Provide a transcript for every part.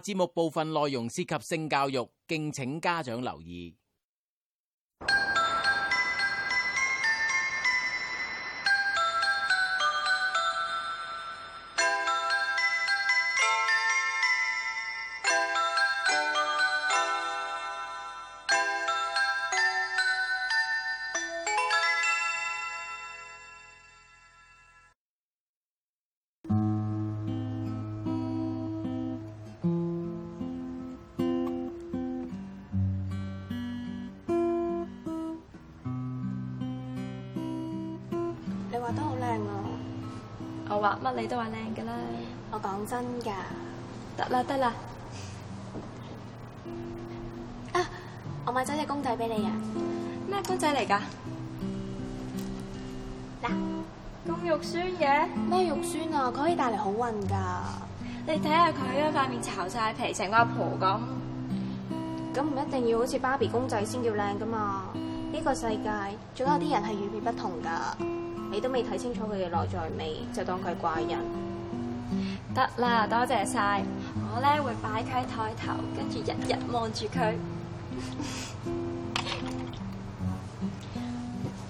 節目部分內容涉及性教育，敬請家長留意。你都話靚㗎啦，我講真㗎，得啦得啦，啊！我買咗隻公仔俾你啊，咩公仔嚟㗎？嗱，咁肉酸嘅咩肉酸啊？佢可以帶嚟好運㗎。你睇下佢啊，塊面巢晒皮，成個阿婆咁，咁唔一定要好似芭比公仔先叫靚㗎嘛？呢個世界仲有啲人係與別不同㗎。你都未睇清楚佢嘅內在美，就當佢係怪人。得啦，多謝晒，我呢會擺喺枱頭，跟住日日望住佢。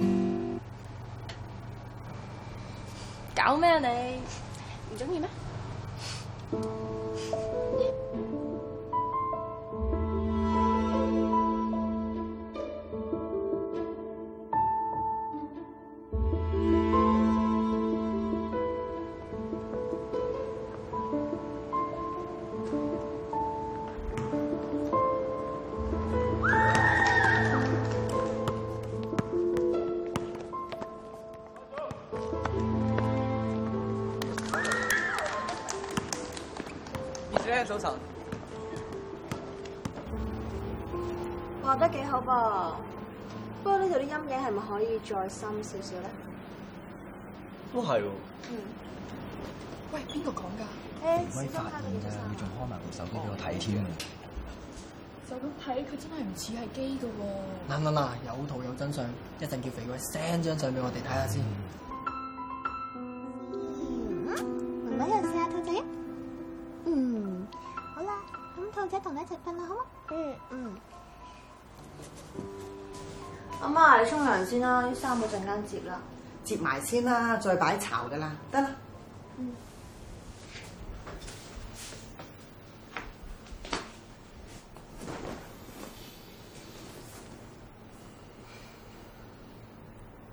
搞咩啊你？唔中意咩？早晨，畫得幾好噃、啊？不過呢度啲陰影係咪可以再深少少咧？都係喎。嗯。喂，邊個講㗎？肥鬼、欸、發現㗎，佢仲開埋部手機俾、哦、我睇添、啊。就咁睇佢真係唔似係機㗎喎、啊。嗱嗱嗱，有圖有真相，一陣叫肥鬼 send 張相俾我哋睇下先。嗯。啲衫我陣間接啦，接埋先啦，再擺巢噶啦，得啦。嗯。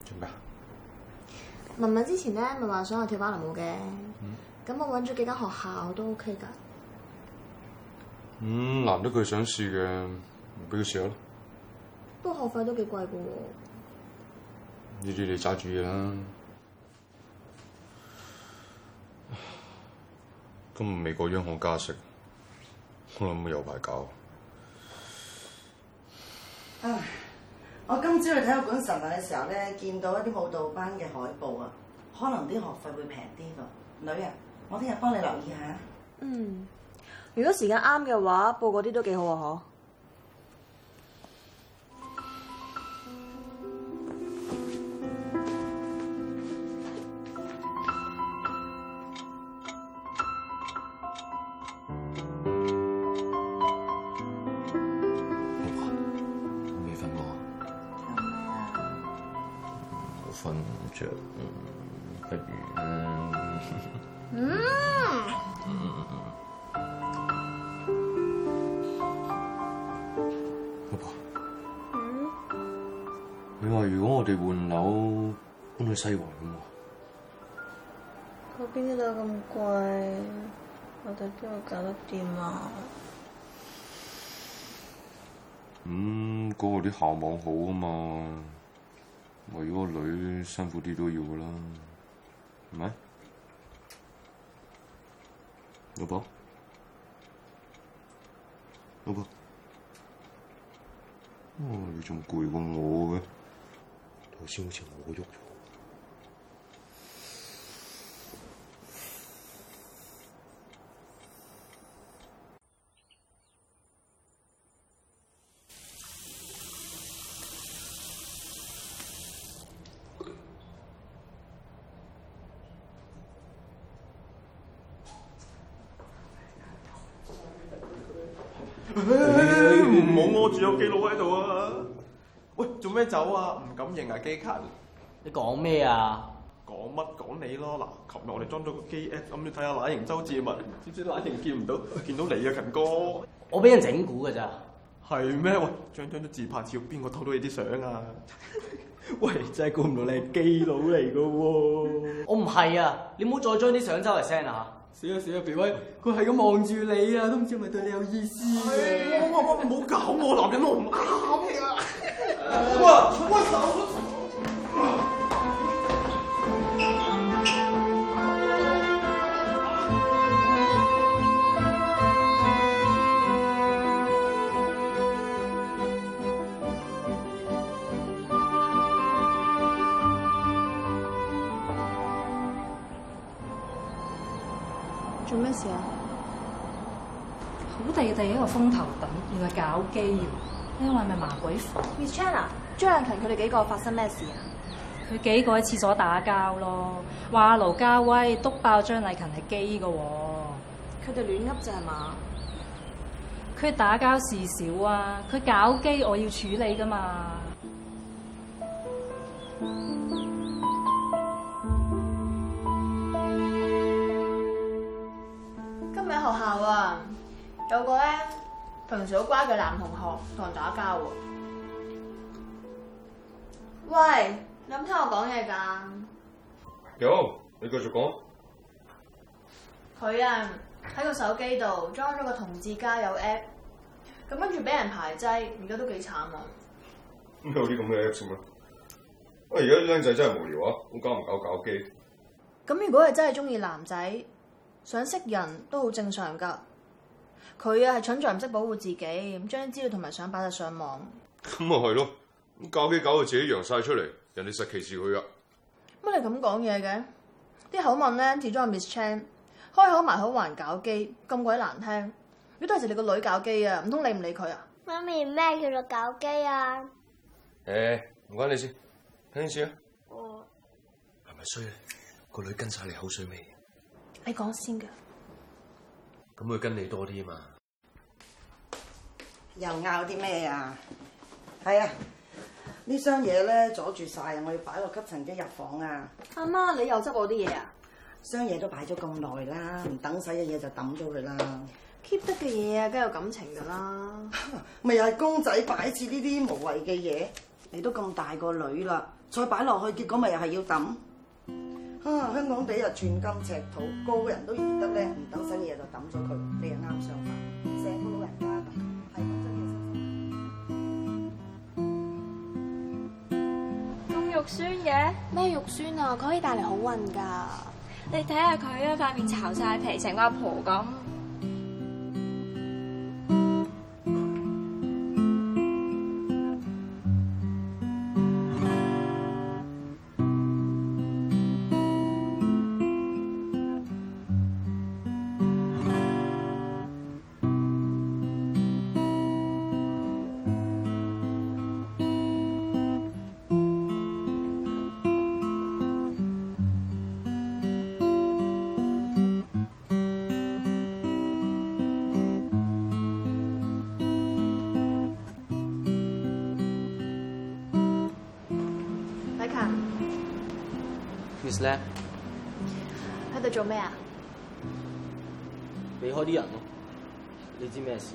準備啊？文文之前咧咪話想去跳芭蕾舞嘅，咁、嗯、我搵咗幾間學校都 OK 噶。嗯，難得佢想試嘅，唔俾佢試下咯。不過學費都幾貴噶喎。呢啲你揸住啊，啦。今日美國央行加息，我諗佢有排搞。唉，我今朝去體育館晨運嘅時候咧，見到一啲舞蹈班嘅海報啊，可能啲學費會平啲㗎。女啊，我聽日幫你留意下。嗯，如果時間啱嘅話，報嗰啲都幾好啊，嗬。西環咁喎，嗰邊嘅就咁貴，我哋都要搞得掂啊！嗯，嗰度啲校網好啊嘛，我如果個女辛苦啲都要噶啦，咩、嗯？係咪？老婆？老婆？哦、你仲攰過我嘅？頭先好似我喐咗。唔好摸住有基佬喺度啊！喂，做咩走啊？唔敢認啊，基勤！你講咩啊？講乜講你咯？嗱，琴日我哋裝咗個機 S，咁你睇下懶人周志文，知唔知懶人見唔到，見到你啊，勤哥！我俾人整蠱噶咋？係咩？喂，張張都自拍照，邊個偷到你啲相啊？ 喂，真係估唔到你係基佬嚟噶喎！ 我唔係啊，你唔好再將啲相周嚟 send 啦死啦，死啦，肥威，佢係咁望住你啊，都唔知係咪對你有意思。我我我，唔好搞我男人，我不，我唔啱氣啊！我我走。風頭等，原來搞基，呢位咪麻鬼？Miss Chan 啊，張禮勤佢哋幾個發生咩事啊？佢幾個喺廁所打交咯，話阿盧家威督爆張禮勤係基噶，佢哋亂噏咋係嘛？佢打交事少啊，佢搞基我要處理噶嘛。今日學校啊。有個咧平時好乖嘅男同學同人打交喎。喂，你冇聽我講嘢噶？有，你繼續講。佢啊喺個手機度裝咗個同志交友 app，咁跟住俾人排擠，而家都幾慘啊！咩有啲咁嘅 app 咩？啊，而家啲靚仔真係無聊啊，好搞唔搞搞基？咁如果係真係中意男仔，想識人都好正常噶。佢啊，係蠢在唔識保護自己，咁將啲資料同埋相擺晒上網。咁咪係咯，咁搞機搞到自己揚晒出嚟，人哋實歧視佢噶。乜你咁講嘢嘅？啲口吻咧始終係 Miss Chan，開口埋口還搞機，咁鬼難聽。如果係就你個女搞機啊，唔通理唔理佢啊？媽咪，咩叫做搞機啊？誒、欸，唔關你事，睇先先啦。哦我。係咪衰？個女跟晒你口水尾。你講先㗎。咁佢跟你多啲嘛。又拗啲咩啊？係啊，呢箱嘢咧阻住晒，我要擺落吸塵機入房啊！阿媽，你又執我啲嘢啊？箱嘢都擺咗咁耐啦，唔等使嘅嘢就抌咗佢啦。keep 得嘅嘢啊，梗有感情噶啦。咪 又係公仔擺設呢啲無謂嘅嘢？你都咁大個女啦，再擺落去，結果咪又係要抌。啊！香港地啊，寸金尺土，高人都宜得咧，唔等新嘢就抌咗佢，你又啱想法。成個老人家咁，係、哎、講真嘅。咁肉酸嘅。咩肉酸啊？佢可以帶嚟好運㗎。你睇下佢啊，塊面巢晒皮，成個阿婆咁。做咩啊？離開啲人咯。你知咩事？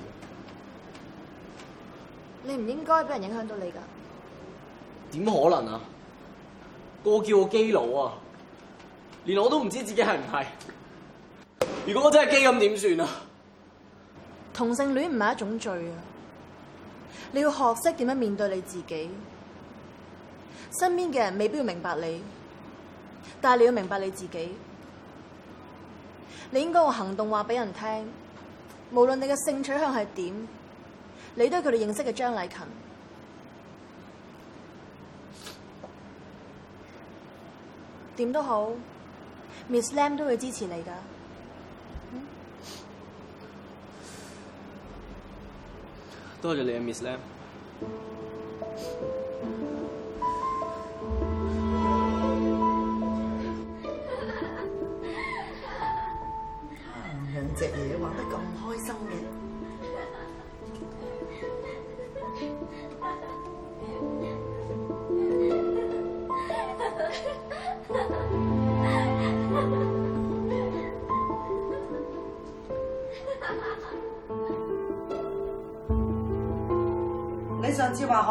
你唔應該俾人影響到你噶。點可能啊？個叫我基佬啊！連我都唔知自己係唔係。如果我真係基咁點算啊？同性戀唔係一種罪啊。你要學識點樣面對你自己。身邊嘅人未必會明白你，但係你要明白你自己。你應該用行動話俾人聽，無論你嘅性取向係點，你都係佢哋認識嘅張禮勤，點都好，Miss Lam 都會支持你噶，嗯、多謝你啊，Miss Lam。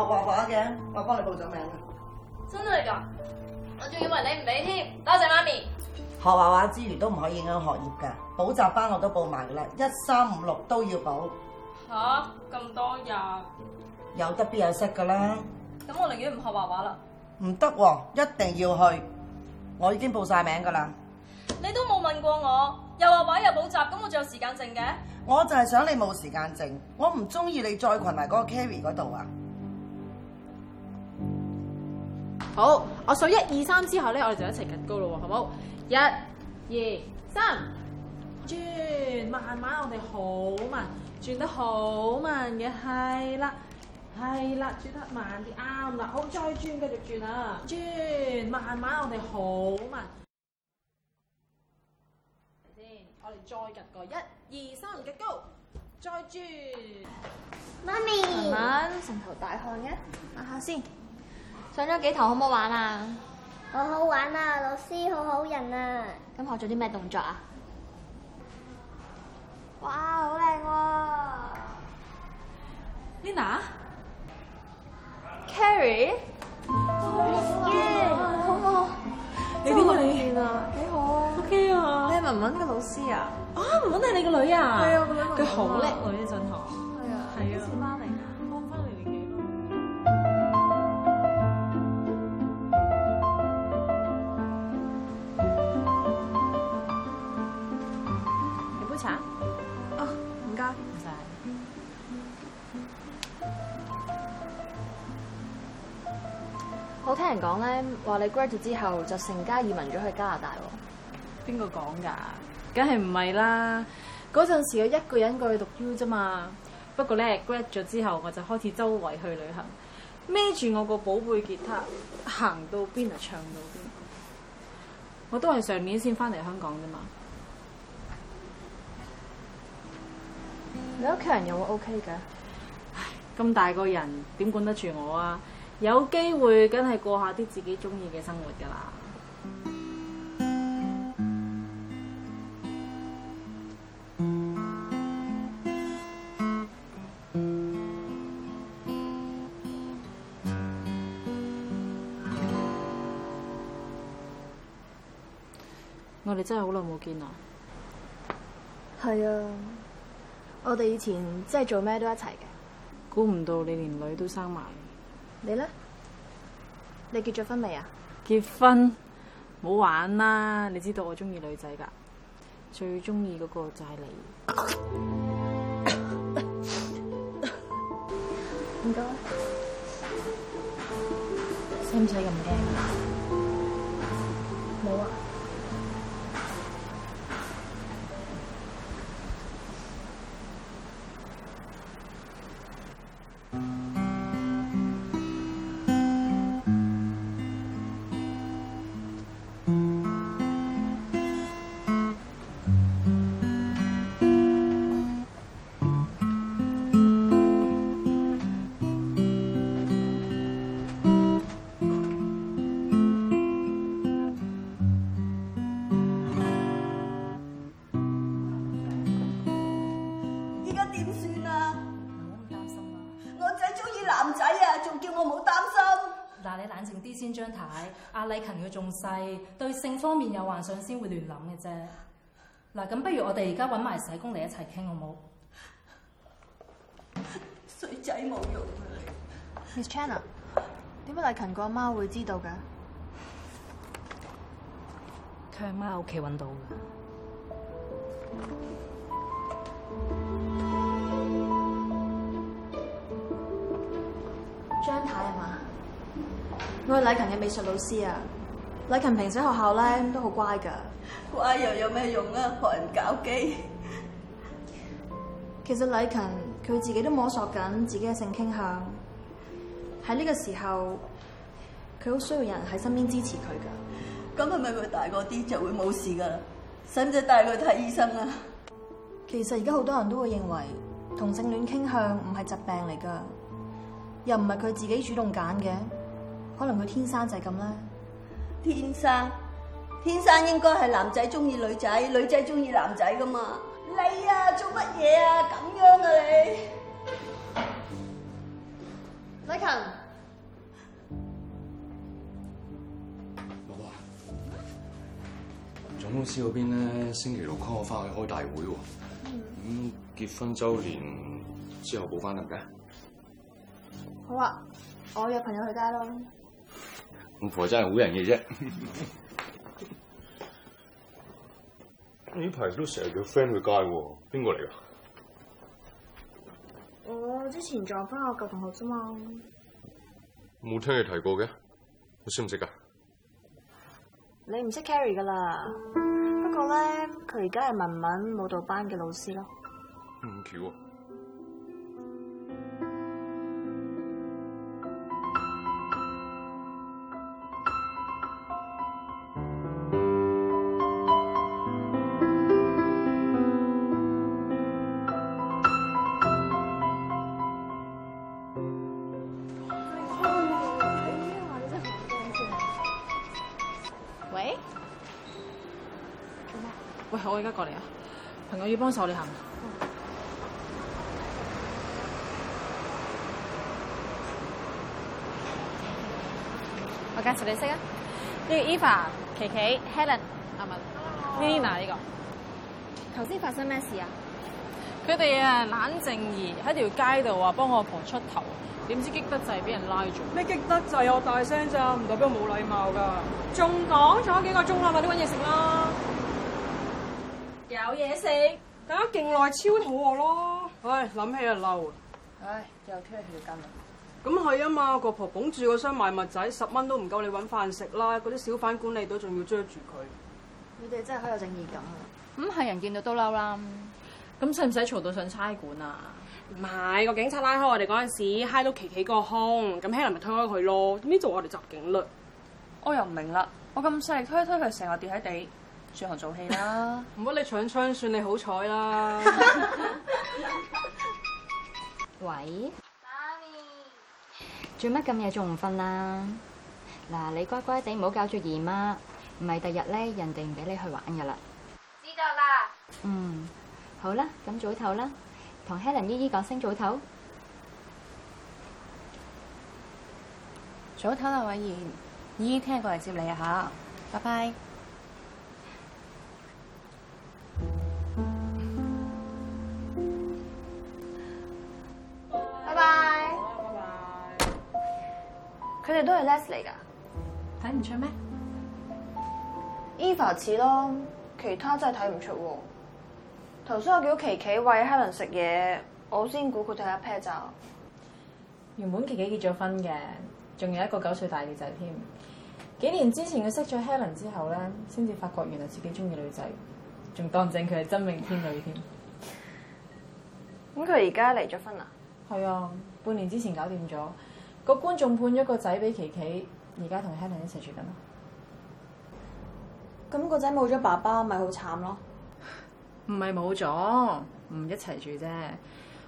畫畫嘅，我幫你報咗名。真係噶？我仲以為你唔俾添。多謝媽咪。學畫畫之餘都唔可以影響學業噶。補習班我都報埋噶啦，一三五六都要補。吓？咁、啊、多日，有得必有失噶啦。咁我寧願唔學畫畫啦。唔得、啊，一定要去。我已經報晒名噶啦。你都冇問過我，又畫畫又補習，咁我仲有時間剩嘅？我就係想你冇時間剩，我唔中意你再群埋嗰個 Carrie 嗰度啊。好，我數一二三之後咧，我哋就一齊趌高咯喎，好唔好？一、二、三，轉，慢慢，我哋好慢，轉得好慢嘅，係啦，係啦，轉得慢啲，啱啦，好，再轉，繼續轉啊，轉，慢慢，我哋好慢，先，我哋再趌個，一二三，趌高，再轉，媽咪，慢慢，成頭大汗嘅，抹下先。上咗幾堂，好唔好玩啊？好好玩啊，老師好好人啊！咁、嗯、學咗啲咩動作啊？哇，好靚喎！Nina，Carrie，老師，好唔好？你里真係幾好，OK 啊！啊你係文文嘅老師啊？啊，文文都係你個女啊？係啊，佢好叻，我哋真好。講咧，話你 graduate 之後就成家移民咗去加拿大，邊個講噶梗係唔係啦，嗰陣時我一個人過去讀 U 啫嘛。不過咧 graduate 之後，我就開始周圍去旅行，孭住我個寶貝吉他，行到邊嚟，唱到邊。我都係上年先翻嚟香港啫嘛。嗯、 你屋企人有冇 OK 噶？唉，咁大個人點管得住我啊？有機會，梗係過下啲自己中意嘅生活㗎喇。嗯！我哋真係好耐冇見啦！係啊，我哋以前真係做咩都一齊嘅。估唔到你連女都生埋。你咧？你結咗婚未啊？結婚？冇玩啦！你知道我中意女仔噶，最中意嗰個就係你。唔該。使唔使咁驚？冇啊。禮勤嘅仲細，對性方面有幻想先會亂諗嘅啫。嗱，咁不如我哋而家揾埋社工嚟一齊傾好冇？衰 仔冇用啊！你，Miss Chan 啊？點解禮勤個阿媽會知道嘅？佢阿媽喺屋企揾到嘅。 張太係嘛？我係禮勤嘅美術老師啊，禮勤平時喺學校咧都好乖噶。乖又有咩用啊？學人搞基。其實禮勤佢自己都摸索緊自己嘅性傾向，喺呢個時候，佢好需要人喺身邊支持佢噶。咁係咪佢大個啲就會冇事噶啦？使唔使帶佢睇醫生啊？其實而家好多人都會認為同性戀傾向唔係疾病嚟噶，又唔係佢自己主動揀嘅。可能佢天生就係咁啦，天生，天生應該係男仔中意女仔，女仔中意男仔噶嘛？你啊，做乜嘢啊？咁樣啊你？禮勤，老婆，總公司嗰邊咧，星期六 call 我翻去開大會喎。嗯。咁、嗯、結婚周年之後補翻嚟嘅？好啊，我約朋友去街咯。唔，婆真係好人嘅啫，呢 排都成日叫 friend 去街喎，邊個嚟㗎？我之前撞翻我舊同學啫嘛，冇聽你提過嘅，懂懂你識唔識㗎？你唔識 Carrie 㗎啦，不過咧，佢而家係文文舞蹈班嘅老師咯。咁巧啊！我而家過嚟啊！朋友要幫手你行，嗯、我介紹你識啊！呢個 Eva、琪琪臘、Helen、阿咪 Nina 呢個。頭先發生咩事啊？佢哋啊，冷靜兒喺條街度啊，幫我婆出頭，點知激得滯俾人拉咗。咩激得滯？我大聲咋，唔代表我冇禮貌噶。仲講咗幾個鐘啦，快啲搵嘢食啦！嘢食，等咗勁耐超肚餓咯。唉，諗起就嬲。唉，又推去調更。咁係啊嘛，個、嗯、婆捧住個箱賣物仔，十蚊都唔夠你揾飯食啦。嗰啲小販管理都仲要追住佢。你哋真係好有正義感啊！咁係、嗯、人見到都嬲啦。咁使唔使嘈到上差館啊？唔係，個警察拉開我哋嗰陣時，嗨到琪琪個胸，咁希林咪推開佢咯。呢度我哋襲警率。我又唔明啦，我咁細力推一推佢，成日跌喺地。轉行做戲啦！唔好你搶槍，算你好彩啦。喂，媽咪，做乜咁夜仲唔瞓啊？嗱，你乖乖地唔好搞住姨媽，唔係第日咧人哋唔俾你去玩噶啦。知道啦。嗯，好啦，咁早唞啦，同 Helen 姨姨講聲早唞。早唞啦，偉賢，姨姨聽日過嚟接你啊，吓，拜拜。你哋都係 Les 嚟噶，睇唔出咩？Eva 似咯，其他真係睇唔出喎。頭先我叫琪琪餵 Helen 食嘢，我先估佢睇下 pair 咋。原本琪琪結咗婚嘅，仲有一個九歲大女仔添。幾年之前佢識咗 Helen 之後咧，先至發覺原來自己中意女仔，仲當正佢係真命天女添。咁佢而家離咗婚啊？係啊，半年之前搞掂咗。個觀眾判咗個仔俾琪琪，而家同 Helen 一齊住緊。咁個仔冇咗爸爸，咪好慘咯。唔係冇咗，唔一齊住啫。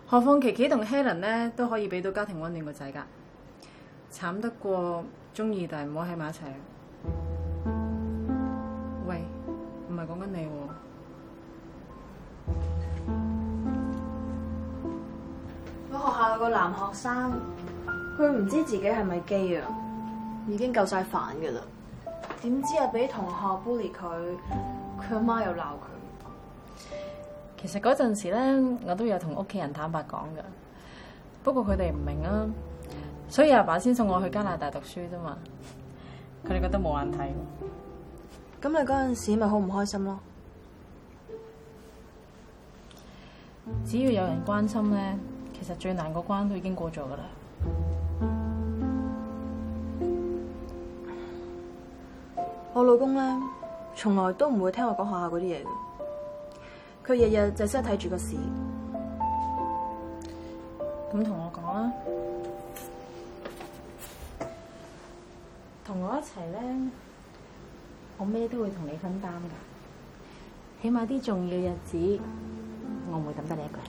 何況琪琪同 Helen 咧都可以俾到家庭溫暖個仔噶。慘得過中意，但係唔好喺埋一齊。喂，唔係講緊你喎。啊。我學校有個男學生。佢唔知自己係咪 gay 啊，已經夠晒煩噶啦。點知啊，俾同學 bully 佢，佢阿媽又鬧佢。其實嗰陣時咧，我都有同屋企人坦白講噶，不過佢哋唔明啊，所以阿爸先送我去加拿大讀書啫嘛。佢哋覺得冇眼睇。咁你嗰陣時咪好唔開心咯？只要有人關心咧，其實最難個關都已經過咗噶啦。老公咧，從來都唔會聽我講學校啲嘢嘅，佢日日就識睇住個事，咁同我講啦，同我一齊咧，我咩都會同你分擔噶，起碼啲重要日子，我唔會抌得你一個人。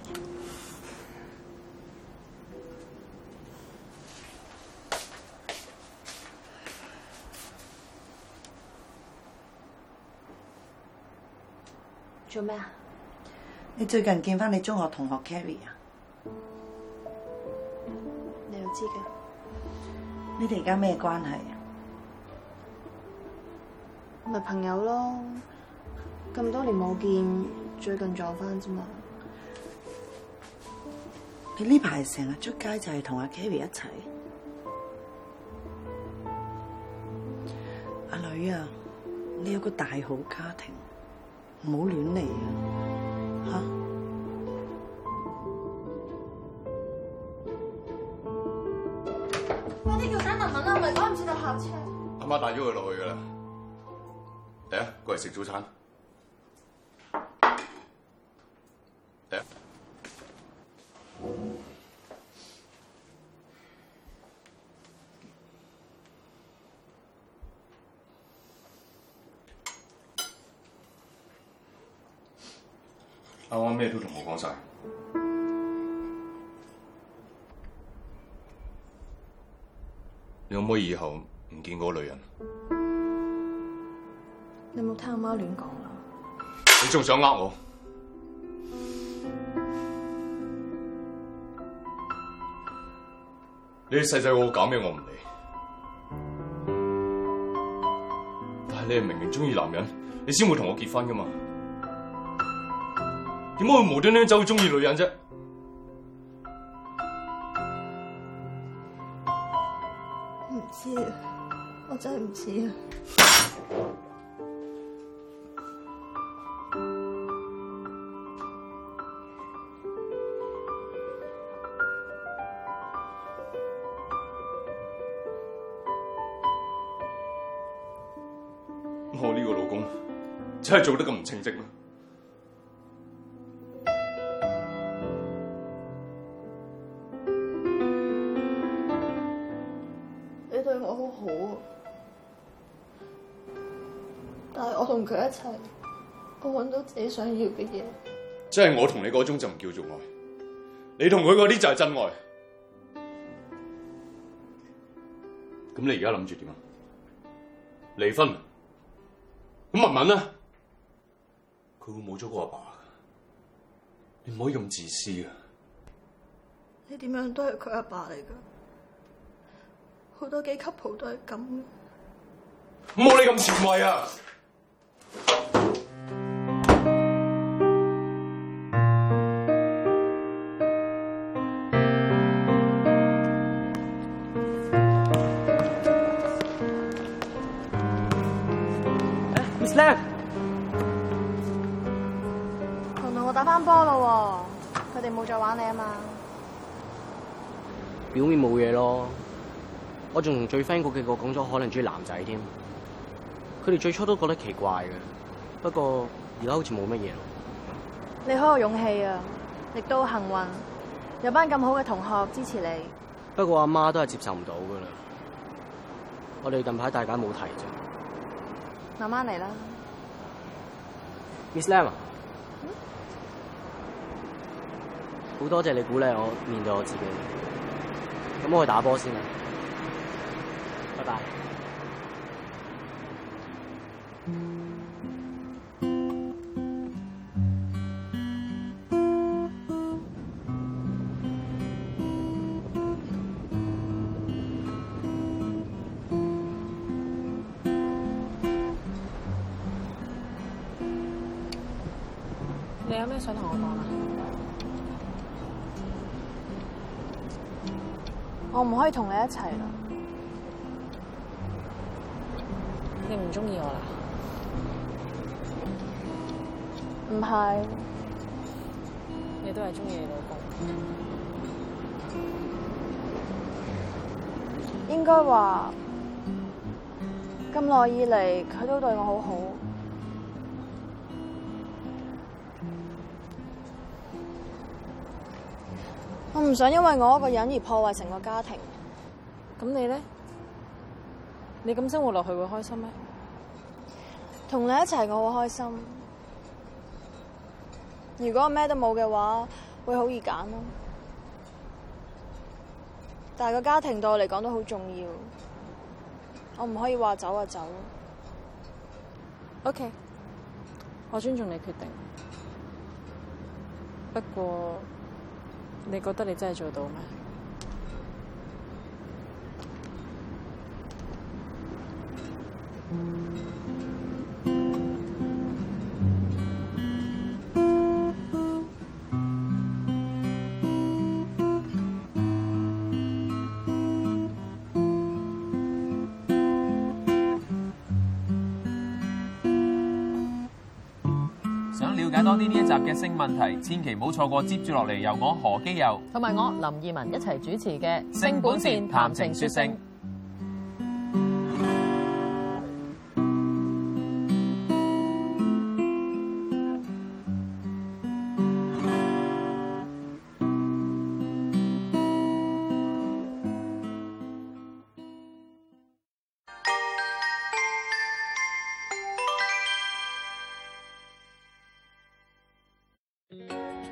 做咩啊？你最近見翻你中學同學 Carrie 啊？你又知嘅？你哋而家咩關係？咪朋友咯，咁多年冇見，最近撞翻啫嘛。你呢排成日出街就係同阿 Carrie 一齊。阿女啊，你有個大好家庭，唔好亂嚟啊！吓、啊、快啲叫仔納文啦，唔係趕唔住到校車。阿媽帶咗佢落去噶啦，嚟啊，過嚟食早餐。阿媽咩都同我講晒，你可唔可以以後唔見嗰個女人？你冇聽阿媽亂講啦！你仲想呃我？你細細個我搞咩我唔理，但係你係明明中意男人，你先會同我結婚噶嘛？點解會無端端走去中意女人啫？唔知，我真係唔知啊！我呢個老公真係做得咁唔稱職咩？佢一齊，我揾到自己想要嘅嘢。即係我同你嗰種就唔叫做愛，你同佢嗰啲就係真愛。咁、嗯、你而家諗住點啊？離婚？咁文文咧？佢會冇咗個阿爸㗎？你唔可以咁自私啊！你點樣都係佢阿爸嚟噶，好多幾級鋪都係咁。冇你咁前衛啊！你啊嘛！表面冇嘢咯，我仲同最 friend 嗰嗰幾個講咗可能中意男仔添，佢哋最初都覺得奇怪嘅，不過而家好似冇乜嘢。你好有勇氣啊！亦都幸運，有班咁好嘅同學支持你。不過阿媽都係接受唔到噶啦，我哋近排大家冇提啫，慢慢嚟啦。Miss Lam 啊！好多謝你鼓勵我面對我自己。咁我去打波先啦，拜拜。一齊啦！你唔中意我啦？唔係，你都係中意你老公。應該話，咁耐以嚟，佢都對我好好。我唔想因為我一個人而破壞成個家庭。咁你咧？你咁生活落去會開心咩？同你一齊我會開心。如果我咩都冇嘅話，會好易揀咯。但係個家庭對我嚟講都好重要，我唔可以話走就走。OK，我尊重你決定。不過你覺得你真係做到咩？想了解多啲呢一集嘅性問題，千祈唔好錯過接住落嚟，由我何基佑同埋我林二汶一齊主持嘅《性本善》談情說性。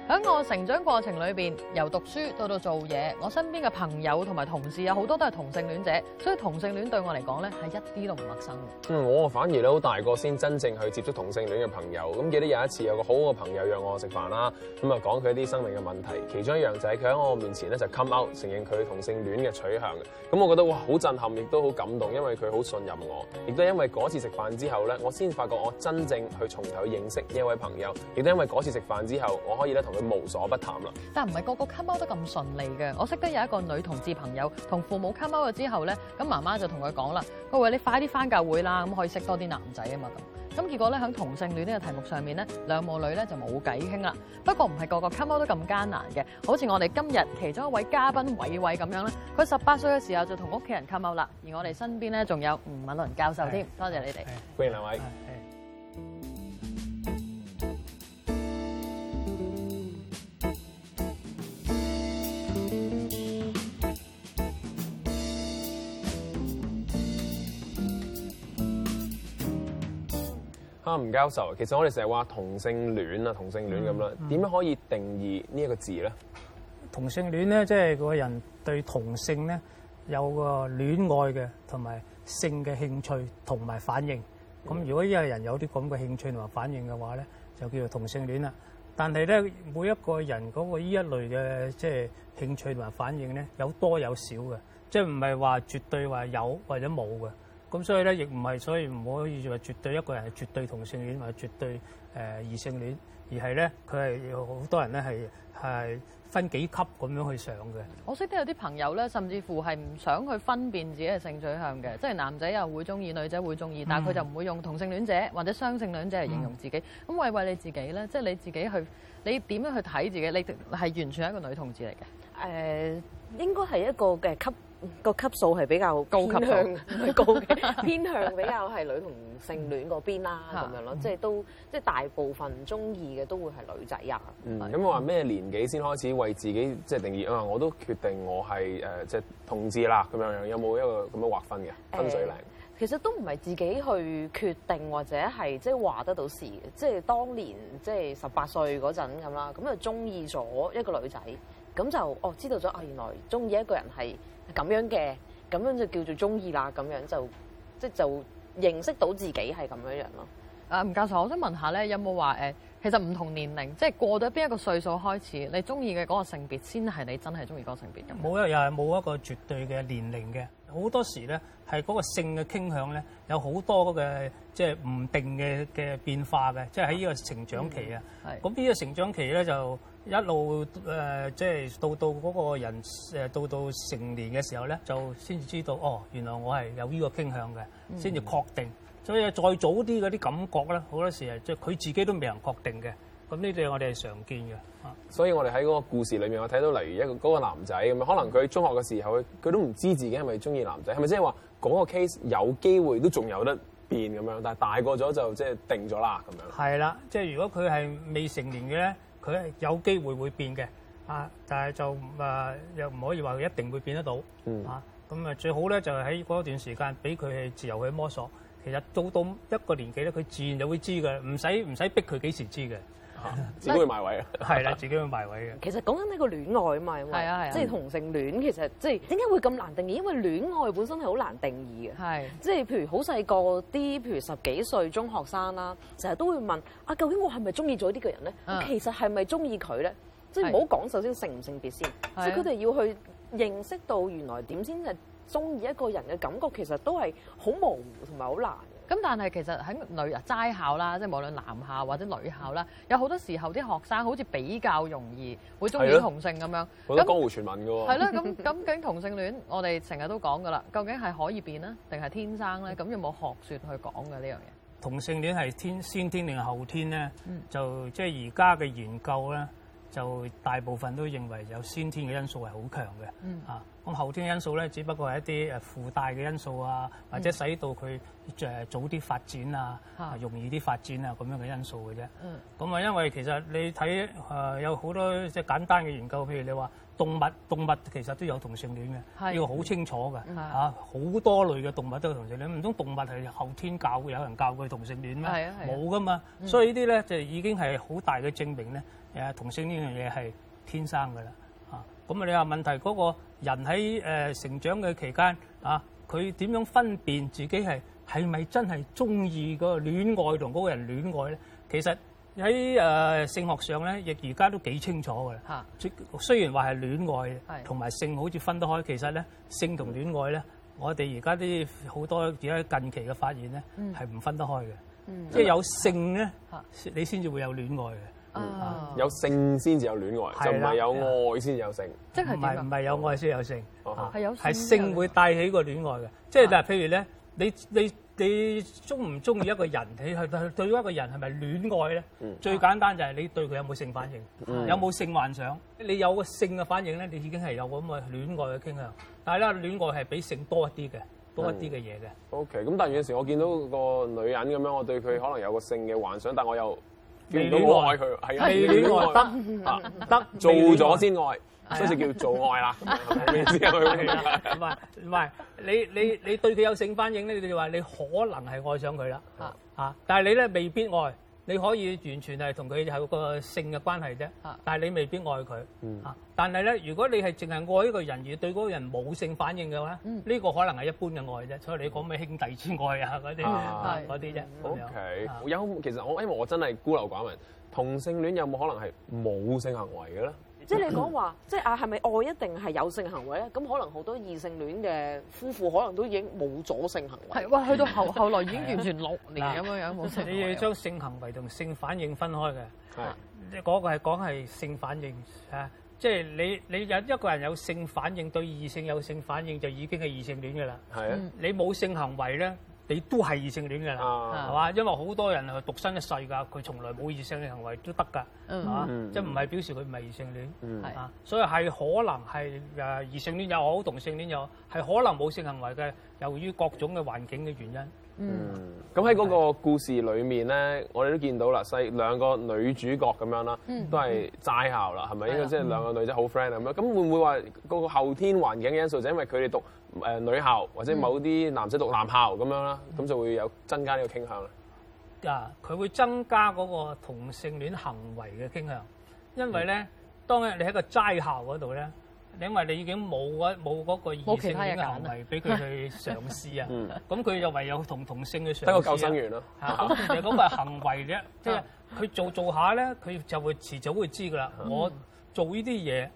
喺我成長過程裏邊，由讀書到到做嘢，我身邊嘅朋友同埋同事有好多都係同性戀者，所以同性戀對我嚟講咧係一啲都唔陌生。嗯，我反而咧好大個先真正去接觸同性戀嘅朋友。咁記得有一次有個好好嘅朋友約我食飯啦，咁啊講佢一啲生命嘅問題，其中一樣就係佢喺我面前咧就 come out 承認佢同性戀嘅取向。咁我覺得哇好震撼，亦都好感動，因為佢好信任我，亦都因為嗰次食飯之後咧，我先發覺我真正去從頭去認識呢一位朋友，亦都因為嗰次食飯之後，我可以咧同無所不談啦，但唔係個個 come out 得咁順利嘅。我識得有一個女同志朋友，同父母 come out 咗之後咧，咁媽媽就同佢講啦，佢話你快啲翻教會啦，咁可以識多啲男仔啊嘛咁。咁結果咧喺同性戀呢個題目上面咧，兩母女咧就冇偈傾啦。不過唔係個個 come out 都咁艱難嘅，好似我哋今日其中一位嘉賓偉偉咁樣咧，佢十八歲嘅時候就同屋企人 come out 啦。而我哋身邊咧仲有吳敏倫教授添，的多謝你哋。的歡迎兩位。啊，吳教授，其實我哋成日話同性戀啊，同性戀咁啦，點樣、嗯嗯、可以定義呢一個字咧？同性戀咧，即係個人對同性咧有個戀愛嘅同埋性嘅興趣同埋反應。咁如果呢個人有啲咁嘅興趣同埋反應嘅話咧，就叫做同性戀啦。但係咧，每一個人嗰個呢一類嘅即係興趣同埋反應咧，有多有少嘅，即係唔係話絕對話有或者冇嘅。咁所以咧，亦唔係。所以唔可以話絕對一個人係絕對同性戀，或者絕對誒異性戀，而係咧，佢係有好多人咧係係分幾級咁樣去上嘅。我識得有啲朋友咧，甚至乎係唔想去分辨自己嘅性取向嘅，即係男仔又會中意，女仔會中意，嗯、但係佢就唔會用同性戀者或者雙性戀者嚟形容自己。咁、嗯、喂喂，你自己咧，即、就、係、是、你自己去，你點樣去睇自己？你係完全係一個女同志嚟嘅？誒、呃，應該係一個嘅級。個級數係比較高級向，唔係高嘅，偏向比較係女同性戀嗰邊啦，咁樣咯，即係都即係大部分中意嘅都會係女仔啊。嗯，咁我話咩年紀先開始為自己即係、就是、定義啊？我都決定我係誒即係同志啦，咁樣樣有冇一個咁樣劃分嘅分水嶺、呃？其實都唔係自己去決定或者係即係話得到事，即係當年即係十八歲嗰陣咁啦，咁就中意咗一個女仔，咁就哦知道咗啊，原來中意一個人係。咁樣嘅，咁樣就叫做中意啦。咁樣就即係就，就認識到自己係咁樣樣咯。啊、呃，吳教授，我想問下咧，有冇話誒？其實唔同年齡，即係過咗邊一個歲數開始，你中意嘅嗰個性別，先係你真係中意嗰個性別咁？冇啊，又係冇一個絕對嘅年齡嘅。好多時咧，係嗰個性嘅傾向咧，有好多嗰個即係唔定嘅嘅變化嘅，即係喺呢個成長期啊。咁呢、嗯、個成長期咧就一路誒、呃，即係到到嗰個人誒到到成年嘅時候咧，就先至知道哦，原來我係有呢個傾向嘅，先至、嗯、確定。所以再早啲嗰啲感覺咧，好多時係即係佢自己都未能確定嘅。咁呢啲我哋係常見嘅，所以我哋喺嗰個故事裏面，我睇到例如一個嗰個男仔咁，可能佢中學嘅時候，佢都唔知自己係咪中意男仔，係咪即係話嗰個 case 有機會都仲有得變咁樣，但係大個咗就即係定咗啦咁樣。係啦，即係如果佢係未成年嘅咧，佢係有機會會變嘅啊，但係就誒又唔可以話佢一定會變得到啊。咁啊、嗯，最好咧就喺嗰段時間俾佢係自由去摸索。其實到到一個年紀咧，佢自然就會知嘅，唔使唔使逼佢幾時知嘅。只 會埋位啊！係啦，自己會埋位嘅。其實講緊呢個戀愛啊嘛，係啊係啊，即係同性戀其實即係點解會咁難定義？因為戀愛本身係好難定義嘅。係是、啊，即係譬如好細個啲，譬如十幾歲中學生啦、啊，成日都會問：啊，究竟我係咪中意咗呢個人咧？嗯、我其實係咪中意佢咧？是啊、即係唔好講首先性唔性別先，即係佢哋要去認識到原來點先係中意一個人嘅感覺，其實都係好模糊同埋好難。咁但係其實喺女啊齋校啦，即係無論男校或者女校啦，有好多時候啲學生好似比較容易會鍾意啲同性咁樣，好多江湖傳聞嘅喎。係啦，咁咁究竟同性戀我哋成日都講嘅啦，究竟係可以變咧，定係天生咧？咁有冇學説去講嘅呢樣嘢？同性戀係天先天定後天咧？就即係而家嘅研究咧，就大部分都認為有先天嘅因素係好強嘅。嗯啊。咁後天因素咧，只不過係一啲誒附帶嘅因素啊，或者使到佢誒早啲發展啊，嗯、容易啲發展啊咁樣嘅因素嘅啫。咁啊、嗯，因為其實你睇誒有好多即係簡單嘅研究，譬如你話動物動物其實都有同性戀嘅，是要好清楚嘅嚇，好是、啊、多類嘅動物都有同性戀，唔通動物係後天教會有人教佢同性戀咩？冇噶、啊啊、嘛，嗯、所以呢啲咧就已經係好大嘅證明咧，誒同性戀呢樣嘢係天生㗎啦。咁、那個呃、啊！你話問題嗰個人喺誒成長嘅期間啊，佢點樣分辨自己係係咪真係中意嗰個戀愛同嗰個人戀愛咧？其實喺誒、呃、性學上咧，亦而家都幾清楚噶啦。嚇，雖然話係戀愛同埋是性好似分得開，其實咧性同戀愛咧，嗯、我哋而家啲好多而家近期嘅發現咧，係唔、嗯、分得開嘅。嗯、即係有性咧，是你先至會有戀愛嘅。啊！嗯 oh. 有性先至有戀愛，的就唔係有愛先有性，即係唔係唔係有愛先有性，係有係性會帶起個戀愛嘅。即係、啊、譬如咧，你你你中唔中意一個人？你係對咗一個人係咪戀愛咧？嗯、最簡單就係你對佢有冇性反應，嗯、有冇性幻想？你有個性嘅反應咧，你已經係有咁嘅戀愛嘅傾向。但係咧，戀愛係比性多一啲嘅，多一啲嘅嘢嘅。OK，咁但係有時我見到個女人咁樣，我對佢可能有個性嘅幻想，但我又。未戀愛佢，係啊，得，啊、得做咗先愛，所以就、啊、叫做愛啦。唔係唔係，你你你對佢有性反應咧，你就話你可能係愛上佢啦。嚇、啊啊，但係你咧未必愛。你可以完全係同佢有個性嘅關係啫，但係你未必愛佢。嚇，但係咧，如果你係淨係愛一個人而對嗰個人冇性反應嘅話，呢個可能係一般嘅愛啫。所以你講咩兄弟之愛啊嗰啲，嗰啲啫。OK，有其實我因為我真係孤陋寡聞，同性戀有冇可能係冇性行為嘅咧？即係你講話，即係啊，係咪愛一定係有性行為咧？咁可能好多異性戀嘅夫婦可能都已經冇咗性行為。係，哇！去到後後來已經完全六年咁樣樣冇性行為？你要將性行為同性反應分開嘅。係、嗯，嗰個係講係性反應嚇、啊，即係你你有一個人有性反應對異性有性反應，就已經係異性戀㗎啦。係啊的，你冇性行為咧。你都係異性戀㗎啦，係嘛、啊？因為好多人係獨身一世㗎，佢從來冇異性嘅行為都得㗎，係嘛？即係唔係表示佢唔係異性戀啊？所以係可能係誒異性戀又好，同性戀又好，係可能冇性行為嘅，由於各種嘅環境嘅原因。Mm. 嗯，咁喺嗰個故事裏面咧，的我哋都見到啦，細兩個女主角咁樣啦，mm. 都係齋校啦，係咪？的應該即係兩個女仔好 friend 啊咁樣，咁的會唔會話嗰個後天環境嘅因素，就因為佢哋讀誒、呃、女校或者某啲男仔讀男校咁樣啦，咁、mm. 就會有增加呢個傾向咧？啊，佢會增加嗰個同性戀行為嘅傾向，因為咧，mm. 當日你喺個齋校嗰度咧。你因為你已經冇嗰冇嗰個異性嘅行為俾佢選了 去嘗試啊，咁佢就唯有同同性去嘗試啊。得個救生員咯，嗯、其實嗰個行為嘅， 即係佢做做下咧，佢就會遲早會知㗎啦。嗯、我做呢啲嘢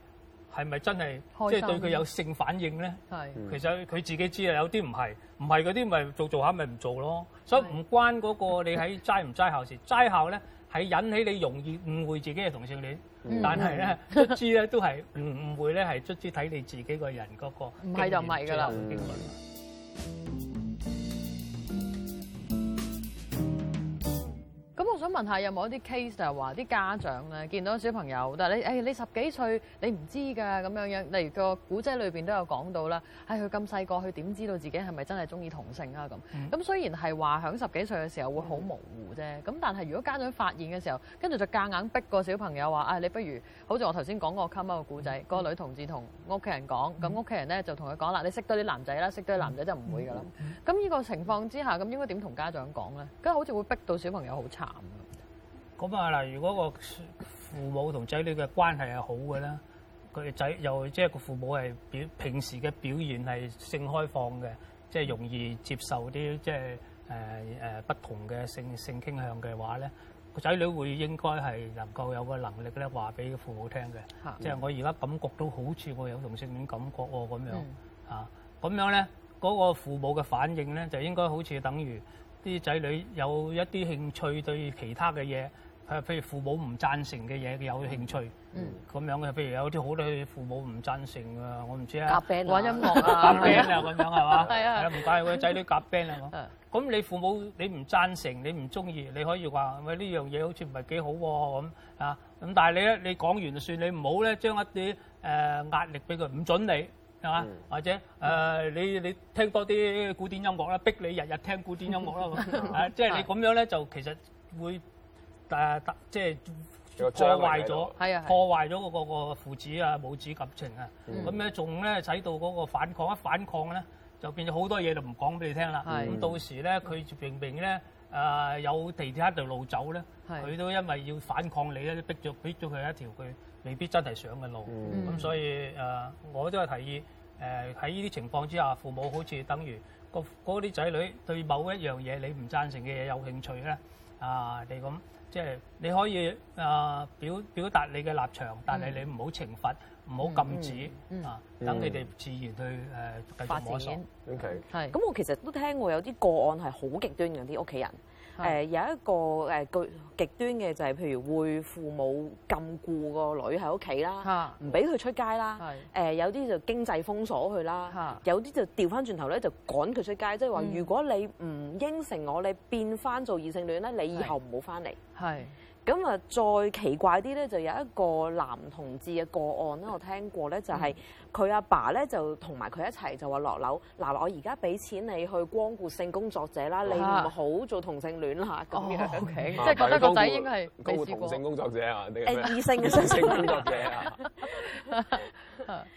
係咪真係即係對佢有性反應咧？係，嗯、其實佢自己知啊。有啲唔係，唔係嗰啲咪做做下咪唔做咯。所以唔關嗰個你喺齋唔齋校事，齋校咧。係引起你容易誤會自己嘅同性戀，但係咧，卒之咧都係誤誤會咧，係卒之睇你自己個人嗰個。唔係就唔係㗎啦。經歷我想問下有冇一啲 case 就係話啲家長咧見到小朋友，但係你誒、哎、你十幾歲你唔知㗎咁樣樣，例如個古仔裏邊都有講到啦，唉、哎，佢咁細個佢點知道自己係咪真係中意同性啊咁？咁、mm. 雖然係話響十幾歲嘅時候會好模糊啫，咁但係如果家長發現嘅時候，跟住就夾硬逼個小朋友話啊、哎、你不如，好似我頭先講個 couple 個古仔，mm. 個女同志同屋企人講，咁屋企人咧就同佢講啦，你識多啲男仔啦，識多啲男仔就唔會㗎啦。咁呢、mm. 個情況之下，咁應該點同家長講咧？跟住好似會逼到小朋友好慘。咁啊嗱，如果個父母同仔女嘅關係係好嘅咧，佢仔又即係個父母係表平時嘅表現係性開放嘅，即係容易接受啲即係誒誒不同嘅性性傾向嘅話咧，個仔女會應該係能夠有個能力咧話俾父母聽嘅，嗯、即係我而家感覺到好似我有同性戀感覺喎、哦、咁樣、嗯、啊，咁樣咧嗰、嗰個父母嘅反應咧就應該好似等於啲仔女有一啲興趣對其他嘅嘢。係，譬如父母唔贊成嘅嘢，佢有興趣，咁樣嘅。譬如有啲好多父母唔贊成啊，我唔知啊。夾 band 玩音樂啊，夾 band 啊咁樣係嘛？係啊，唔怪得個仔女夾 band 啦。咁，咁你父母你唔贊成，你唔中意，你可以話喂呢樣嘢好似唔係幾好喎咁啊。咁但係你咧，你講完就算，你唔好咧將一啲誒壓力俾佢，唔準你係嘛？或者誒，你你聽多啲古典音樂啦，逼你日日聽古典音樂啦。即係你咁樣咧，就其實會。誒、呃，即係破壞咗，個破壞咗嗰個個父子啊母子感情啊。咁咧仲咧，使到嗰個反抗一反抗咧，就變咗好多嘢，就唔講俾你聽啦。咁到時咧，佢、嗯、明明咧誒、呃、有地鐵一條路走咧，佢、嗯、都因為要反抗你咧，逼咗逼咗佢一條佢未必真係上嘅路。咁、嗯嗯、所以誒、呃，我都係提議誒喺呢啲情況之下，父母好似等於個嗰啲仔女對某一樣嘢你唔贊成嘅嘢有興趣咧。啊！你咁即係你可以啊、呃、表表達你嘅立場，但係你唔好懲罰，唔好禁止、嗯嗯嗯、啊，等你哋自然去誒、呃、繼續摸索發 OK，係咁是，我其實都聽過有啲個案係好極端嘅啲屋企人。誒、呃、有一個誒、呃、極端嘅就係，譬如會父母禁錮個女喺屋企啦，唔俾佢出街啦。誒是、呃、有啲就經濟封鎖佢啦，是有啲就調翻轉頭咧就趕佢出街，即係話如果你唔應承我，你變翻做異性戀咧，你以後唔好翻嚟。係。咁啊，再奇怪啲咧，就有一個男同志嘅個案啦。我聽過咧，就係佢阿爸咧，就同埋佢一齊就話落樓。嗱，我而家俾錢你去光顧性工作者啦，你唔好做同性戀啦。咁樣，即係覺得個仔應該係未試過光顧同性工作者啊？定係咩？ 異性，性工作者啊？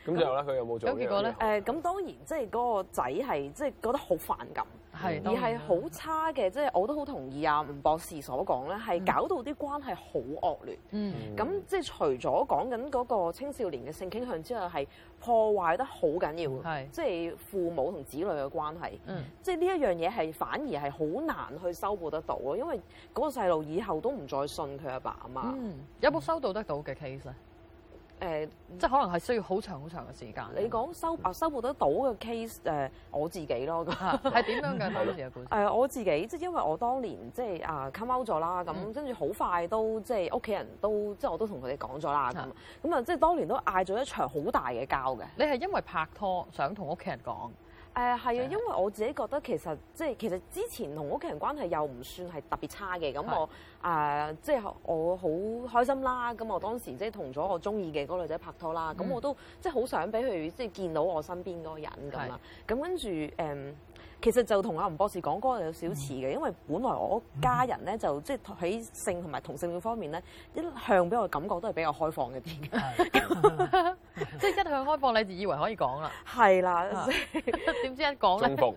咁最後咧，佢有冇做？咁那 那 那 結果咧？誒，咁當然即係嗰個仔係即係覺得好反感。係，而係好差嘅，即係我都好同意阿吳博士所講咧，係搞到啲關係好惡劣。嗯，咁即係除咗講緊嗰個青少年嘅性傾向之外，係破壞得好緊要嘅，是即係父母同子女嘅關係。嗯，即係呢一樣嘢係反而係好難去修補得到咯，因為嗰個細路以後都唔再信佢阿爸阿媽。嗯，有冇修到得到嘅 case？誒，即係可能係需要好長好長嘅時間。你講收啊，收穫得到嘅 case 誒、呃，我自己咯，咁係點 樣嘅當時嘅故事？誒、 呃，我自己即係因為我當年即係啊、uh,，come out 咗啦，咁跟住好快都即係屋企人都即係我都同佢哋講咗啦，咁咁啊，即係當年都嗌咗一場好大嘅交嘅。你係因為拍拖想同屋企人講？誒係啊，因為我自己覺得其實即係其實之前同屋企人關係又唔算係特別差嘅。咁我誒是的、呃、即係我好開心啦，咁我當時即係同咗我中意嘅嗰個女仔拍拖啦，咁我都即係好想俾佢即係見到我身邊嗰個人咁啊，咁是的 跟住誒。嗯。其實就同阿吳博士講嗰個有少似嘅， 因為本來我家人咧就即係喺性同埋同性戀方面咧，一向俾我感覺都係比較開放嘅啲，即係、就是、一向開放，你就以為可以講啦，係啦，點、就是、 知一講咧，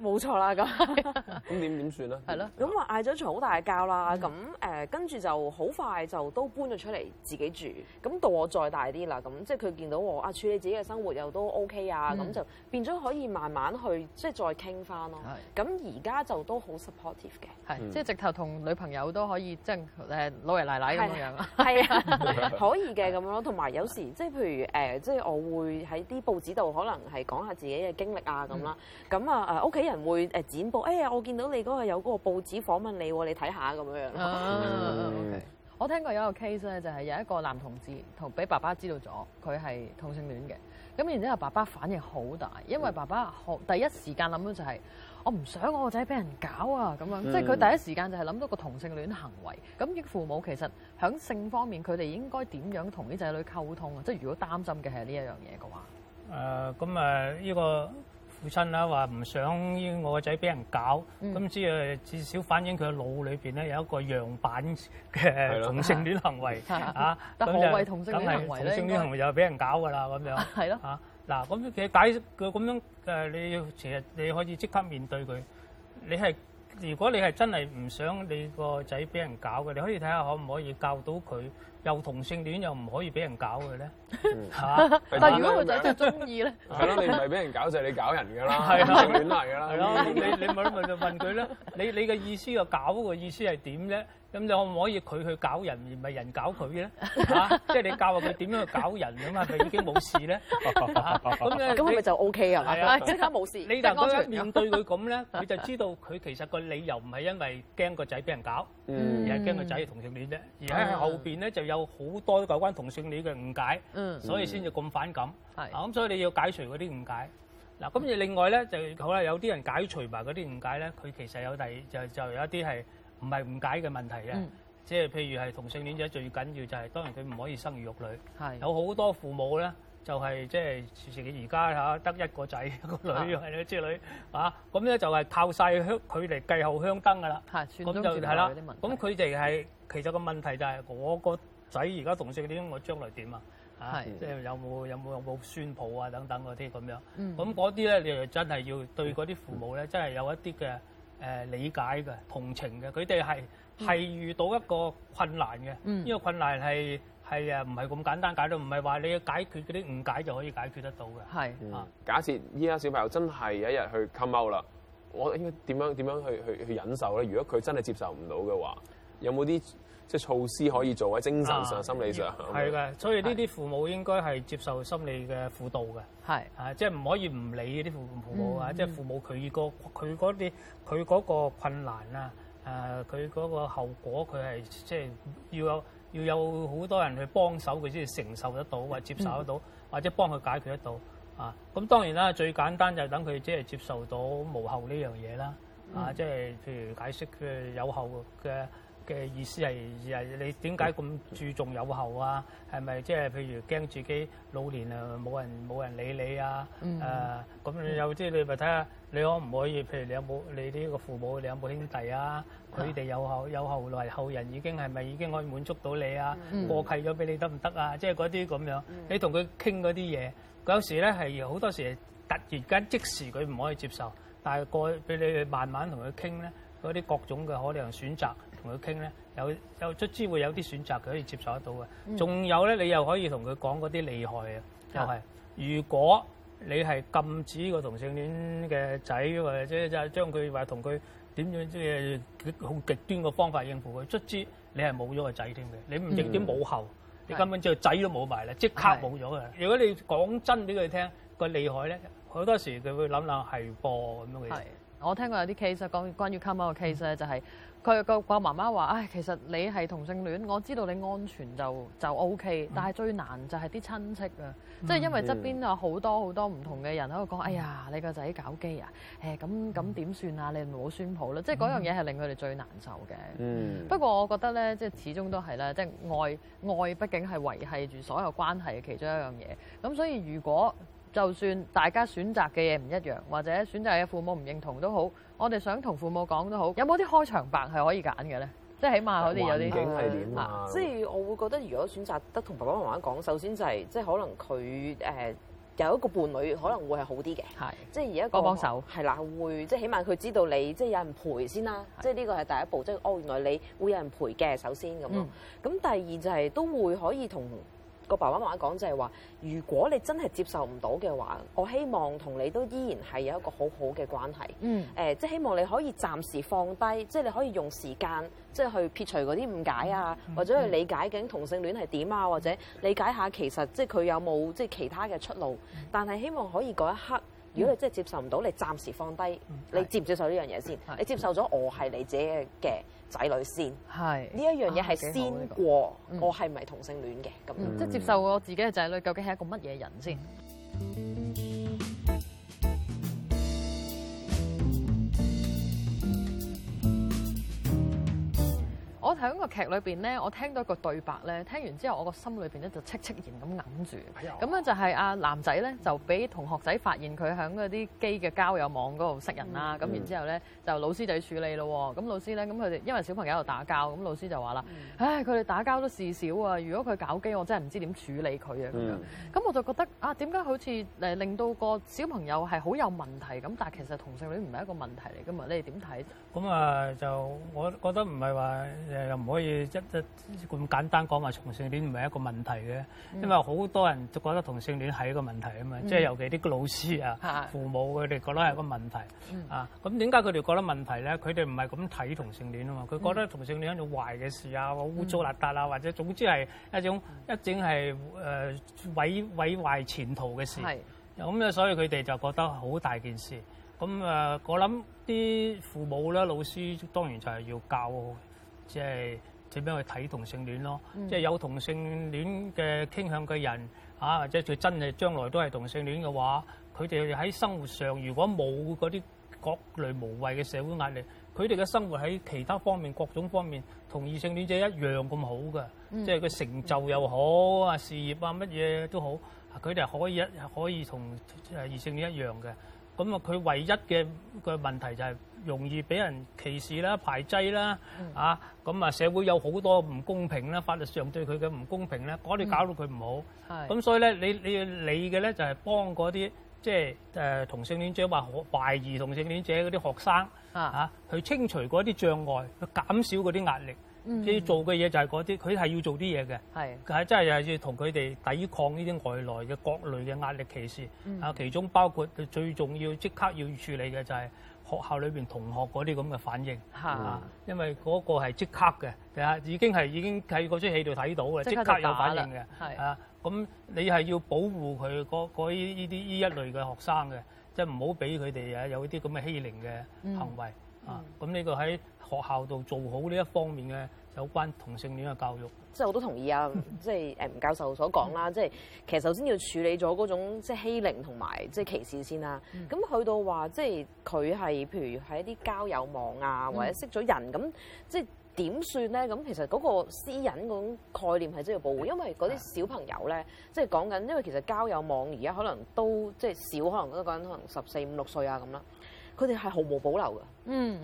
冇錯啦，咁咁點點算咧？係咯了，咁我嗌咗場好大嘅交啦，咁誒 跟住就好快就都搬咗出嚟自己住，咁到我再大啲啦，咁即係佢見到我啊處理自己嘅生活又都 OK 啊，咁、啊啊啊、就變咗可以慢。慢慢去，即係再傾翻咯。咁而家就都好 supportive 嘅，係即係直頭同女朋友都可以，即係誒老爺奶奶咁樣樣啦。係啊，啊 可以嘅咁樣咯。同埋有，有時即係譬如誒、呃，即係我會喺啲報紙度可能係講下自己嘅經歷啊咁啦。咁啊、嗯，屋企、嗯、人會誒剪報，哎我見到你嗰、那個有嗰個報紙訪問你，你睇下咁樣樣。啊嗯 okay. 我聽過有一個 case 咧，就係有一個男同志同俾爸爸知道咗佢係同性戀嘅，咁然之後爸爸反應好大，因為爸爸好第一時間諗到就係、是、我唔想我個仔俾人搞啊咁樣，嗯、即係佢第一時間就係諗到個同性戀行為。咁父母其實喺性方面，佢哋應該點樣同啲仔女溝通啊？即係如果擔心嘅係呢一樣嘢嘅話，誒咁誒呢個。父親啦話唔想我個仔俾人搞，咁之誒至少反映佢個腦裏邊咧有一個樣板嘅同性戀行為啊。但何為同性戀行為咧？同性戀行為就係俾人搞㗎啦，咁樣吓嗱。咁其實解佢咁樣誒，你要其實你可以即刻面對佢。你係如果你係真係唔想你個仔俾人搞嘅，你可以睇下可唔可以教到佢。又同性戀又唔可以俾人搞嘅咧嚇？但係如果個仔真係中意咧，係咯？ 你唔係俾人搞就係、是、你搞人㗎啦，亂嚟㗎啦，係咯？你你問一問就問佢咧，你你嘅意思個搞個意思係點咧？咁你可唔可以佢去搞人，而唔係人搞佢咧？嚇，即係你教下佢點樣去搞人咁啊？佢已經冇事咧，嚇，咁咧，咁係咪就 OK 啊？係啊，即刻冇事。你，嗱嗰日面對佢咁咧，你就知道佢其實個理由唔係因為驚個仔俾人搞，嗯，而係驚個仔同性戀啫。而喺後邊咧就有好多有關同性戀嘅誤解，嗯，所以先至咁反感。係啊，咁所以你要解除嗰啲誤解。嗱，咁另外咧就好啦，有啲人解除埋嗰啲誤解咧，佢其實有第就就有一啲係。唔係誤解嘅問題嘅，即係譬如係同性戀者最緊要就係，當然佢唔可以生兒育女。係有好多父母咧，就係即係自己而家嚇得一個仔個女，係啦，子女啊，咁咧就係靠晒佢哋繼後香燈㗎啦。咁就係啦。咁佢哋係其實個問題就係，我個仔而家同性戀，我將來點啊？係即係有冇有冇有冇孫抱啊等等嗰啲咁樣。嗯。咁嗰啲咧，你真係要對嗰啲父母咧，真係有一啲嘅。誒、呃、理解嘅同情嘅，佢哋係係遇到一個困難嘅，呢個、嗯、困難係係誒唔係咁簡單解到，唔係話你要解決嗰啲誤解就可以解決得到嘅。係是、嗯、啊，假設依家小朋友真係有一日去 come out 啦，我應該點樣點樣去去去忍受咧？如果佢真係接受唔到嘅話，有冇啲？即係措施可以做喺精神上、心理上係嘅，所以呢啲父母應該係接受心理嘅輔導嘅。係啊，即係唔可以唔理嗰啲父母、嗯、啊，即係父母佢個佢嗰啲佢嗰個困難啊，誒佢嗰個後果，佢係即係要有要有好多人去幫手佢先承受得到或接受得到，或者幫佢解決得到啊。咁當然啦，最簡單就等佢即係接受到無後呢樣嘢啦啊，即係譬如解釋佢有後嘅。嘅意思係係你點解咁注重有後啊？係咪即係譬如驚自己老年啊冇人冇人理你啊？誒咁你有即係你咪睇下你可唔可以？譬如你有冇你呢個父母，你有冇兄弟啊？佢哋、啊、有後有後來後人已經係咪已經可以滿足到你啊？嗯、過契咗俾你得唔得啊？即係嗰啲咁樣，嗯、你同佢傾嗰啲嘢，有時咧係好多時突然間即時佢唔可以接受，但係過俾你哋慢慢同佢傾咧，嗰啲各種嘅可能選擇。同佢傾咧，有有卒之會有啲選擇佢可以接受得到嘅。仲有咧，你又可以同佢講嗰啲厲害嘅，又係。如果你係禁止呢個同性戀嘅仔，或者即係將佢話同佢點樣即係好極端嘅方法應付佢，卒之你係冇咗個仔添嘅。你唔整啲冇後，嗯、你根本就仔都冇埋咧，即刻冇咗嘅。是的 如果你講真俾佢聽、個厲害咧，好多時佢會諗諗係噃咁樣嘅。係，我聽過有啲 case 講關於 come out 嘅 case 咧，就係。佢個爸爸媽媽話：唉、哎，其實你係同性戀，我知道你安全就就 O、OK, K，但係最難就係啲親戚啊，嗯、即係因為側邊有好多好多唔同嘅人喺度講：哎呀，你個仔搞基啊，誒，咁咁點算啊？你唔好宣佈啦，嗯、即係嗰樣嘢係令佢哋最難受嘅。嗯，不過我覺得咧，即係始終都係啦，即係愛愛，愛畢竟係維係住所有關係嘅其中一樣嘢。咁所以如果就算大家選擇嘅嘢唔一樣，或者選擇嘅父母唔認同都好。我哋想同父母講都好，有冇啲開場白係可以揀嘅咧？即係起碼好似有啲環境係點呀？ 即係我會覺得，如果選擇得同爸爸媽媽講，首先就係、是、即係可能佢誒、呃、有一個伴侶，可能會係好啲嘅。係，即係而家幫幫手係啦，會即係起碼佢知道你即係有人陪先啦。的即係呢個係第一步，即、就、係、是、哦原來你會有人陪嘅，首先咁。咁、嗯、第二就係、是、都會可以同。個爸爸媽媽講就係話：如果你真係接受唔到嘅話，我希望同你都依然係有一個好好嘅關係。誒，嗯，呃，即係希望你可以暫時放低，即係你可以用時間，即係去撇除嗰啲誤解啊，或者去理解究竟同性戀係點啊，或者理解下其實即係佢有冇即係其他嘅出路。但係希望可以嗰一刻。如果你真係接受唔到，你暫時放低，你接唔接受呢樣嘢先？你接受咗我係你自己嘅仔女先，呢一樣嘢係先過，我係唔係同性戀嘅咁？即係接受我自己嘅仔女究竟係一個乜嘢人先？我睇喺個劇裏邊咧，我聽到一個對白咧，聽完之後我個心裏邊咧就戚戚然咁諗住，咁樣、哎、呦就係阿、啊、男仔咧就俾同學仔發現佢喺嗰啲機嘅交友網嗰度識人啦，咁、嗯嗯、然之後咧就老師就要處理咯喎，咁老師咧咁佢哋因為小朋友喺度打交，咁老師就話啦，嗯、唉，佢哋打交都事少啊，如果佢搞基，我真係唔知點處理佢啊咁樣。咁、嗯、我就覺得啊，點解好似誒令到個小朋友係好有問題咁，但係其實同性戀唔係一個問題嚟嘅嘛？你哋點睇？咁啊，就我覺得唔係話。又唔可以一一咁簡單講話同性戀唔係一個問題嘅，嗯、因為好多人就覺得同性戀係一個問題啊嘛。即係、嗯、尤其啲老師啊、的父母佢哋覺得係一個問題、嗯、啊。咁點解佢哋覺得問題咧？佢哋唔係咁睇同性戀啊嘛。佢覺得同性戀係一種壞嘅事啊，污糟邋遢啊，嗯、或者總之係一種、嗯、一整係誒毀毀壞前途嘅事。咁咧的、嗯，所以佢哋就覺得好大件事。咁啊、呃，我諗啲父母咧、老師當然就係要教。即係點樣去睇同性戀咯？嗯、即係有同性戀嘅傾向嘅人，啊或者佢真係將來都係同性戀嘅話，佢哋喺生活上如果冇嗰啲各類無謂嘅社會壓力，佢哋嘅生活喺其他方面各種方面同異性戀者一樣咁好嘅，嗯、即係佢成就又好啊、嗯、事業啊乜嘢都好，佢哋可以可以同異性戀一樣嘅。咁啊，佢唯一嘅個問題就係容易俾人歧視啦、排擠啦，嗯、啊，咁、嗯、啊社會有好多唔公平啦，法律上對佢嘅唔公平咧，嗰啲搞到佢唔好。係、嗯，咁、嗯、所以咧，你你要理嘅咧就係幫嗰啲即係誒、呃、同性戀者或懷疑同性戀者嗰啲學生啊，去清除嗰啲障礙，去減少嗰啲壓力。啲做嘅嘢就係嗰啲，佢係要做啲嘢嘅，佢係真係要同佢哋抵抗呢啲外來嘅各類嘅壓力歧視，啊，其中包括最最重要即刻要處理嘅就係學校裏邊同學嗰啲咁嘅反應，嚇，因為嗰個係即刻嘅，啊，已經係已經喺嗰出戲度睇到嘅，即刻有反應嘅，係，啊，咁你係要保護佢嗰嗰啲呢一類嘅學生嘅，即係唔好俾佢哋啊有啲咁嘅欺凌嘅行為，啊，咁呢個喺學校度做好呢一方面嘅有關同性戀嘅教育，即係我都同意啊！ 即係誒吳教授所講啦，即係其實首先要處理咗嗰種即係欺凌同埋即係歧視先啦。咁、嗯、去到話即係佢係譬如喺一啲交友網啊，或者識咗人咁，嗯、即係點算咧？咁其實嗰個私隱嗰種概念係真係要保護，因為嗰啲小朋友咧，嗯、即係講緊，因為其實交友網而家可能都即係少，可能都講緊可能十四五六歲啊咁啦。佢哋係毫無保留嘅，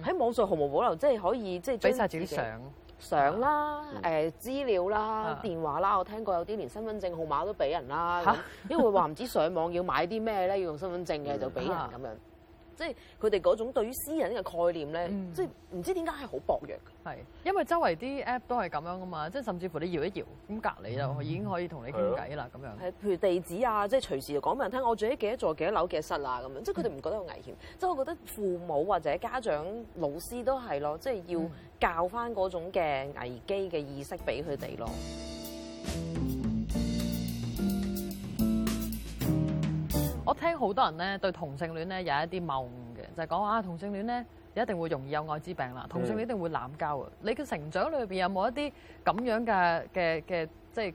喺、嗯、網上毫無保留，即係可以即係俾晒自己嘅相、相啦、誒、嗯、資料啦、嗯、電話啦。我聽過有啲連身份證號碼都俾人啦，哈因為話唔知上網要買啲咩咧，要用身份證嘅、嗯、就俾人咁樣。嗯嗯嗯即係佢哋嗰種對於私人嘅概念咧，嗯、即係唔知點解係好薄弱嘅。係因為周圍啲 app 都係咁樣啊嘛，即係甚至乎你搖一搖咁隔離就已經可以同你傾偈啦咁樣。係，譬如地址啊，即係隨時就講俾人聽，我住喺幾多座幾多樓幾多室啊咁樣。即係佢哋唔覺得有危險。即係、嗯、我覺得父母或者家長、老師都係咯，即係要教翻嗰種嘅危機嘅意識俾佢哋咯。聽好多人咧對同性戀咧有一啲謬誤嘅，就係、是、講啊同性戀咧一定會容易有愛滋病啦，的同性戀一定會濫交啊！你嘅成長裏邊有冇一啲咁樣嘅嘅嘅即係？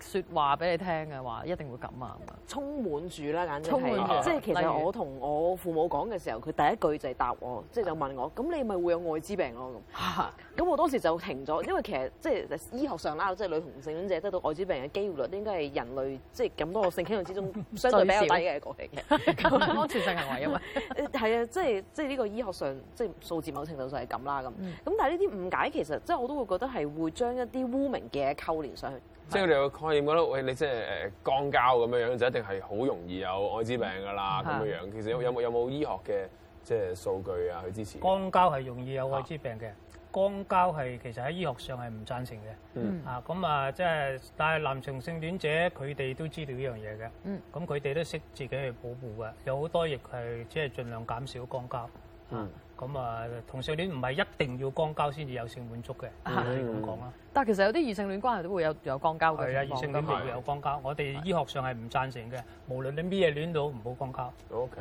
説話俾你聽嘅話，一定會咁啊！充滿住啦，簡直係即係其實我同我父母講嘅時候，佢第一句就係答我，即、就、係、是、就問我：咁、啊、你咪會有愛滋病咯咁？咁、啊、我當時就停咗，因為其實即係醫學上啦，即係女同性戀者得到愛滋病嘅機會率應該係人類即係咁多性傾向之中相對比較低嘅一個嘅嘢，安最少 全性行為啊嘛。係啊、 嗯，即係即係呢個醫學上即係數字某程度上係咁啦。咁咁但係呢啲誤解其實即係我都會覺得係會將一啲污名嘅扣連上去。即係你哋個概念覺喂，哎，你即係誒肛交咁樣樣就一定係好容易有艾滋病噶啦，咁樣、嗯、樣。其實有有冇有冇醫學嘅即係數據啊去支持？肛交係容易有艾滋病嘅，肛交係其實喺醫學上係唔贊成嘅。嗯、啊，咁啊，即、呃、係、就是、但係男性性戀者佢哋都知道呢樣嘢嘅。咁佢哋都識自己去保護嘅，有好多亦係即係盡量減少肛交。嗯咁啊，同性戀唔係一定要肛交先至有性滿足嘅，咁講啦。但係其實有啲異性戀關係都會有有肛交嘅。係啊，異性戀都會有肛交。的我哋醫學上係唔贊成嘅，無論你咩嘢戀到，唔好肛交。OK，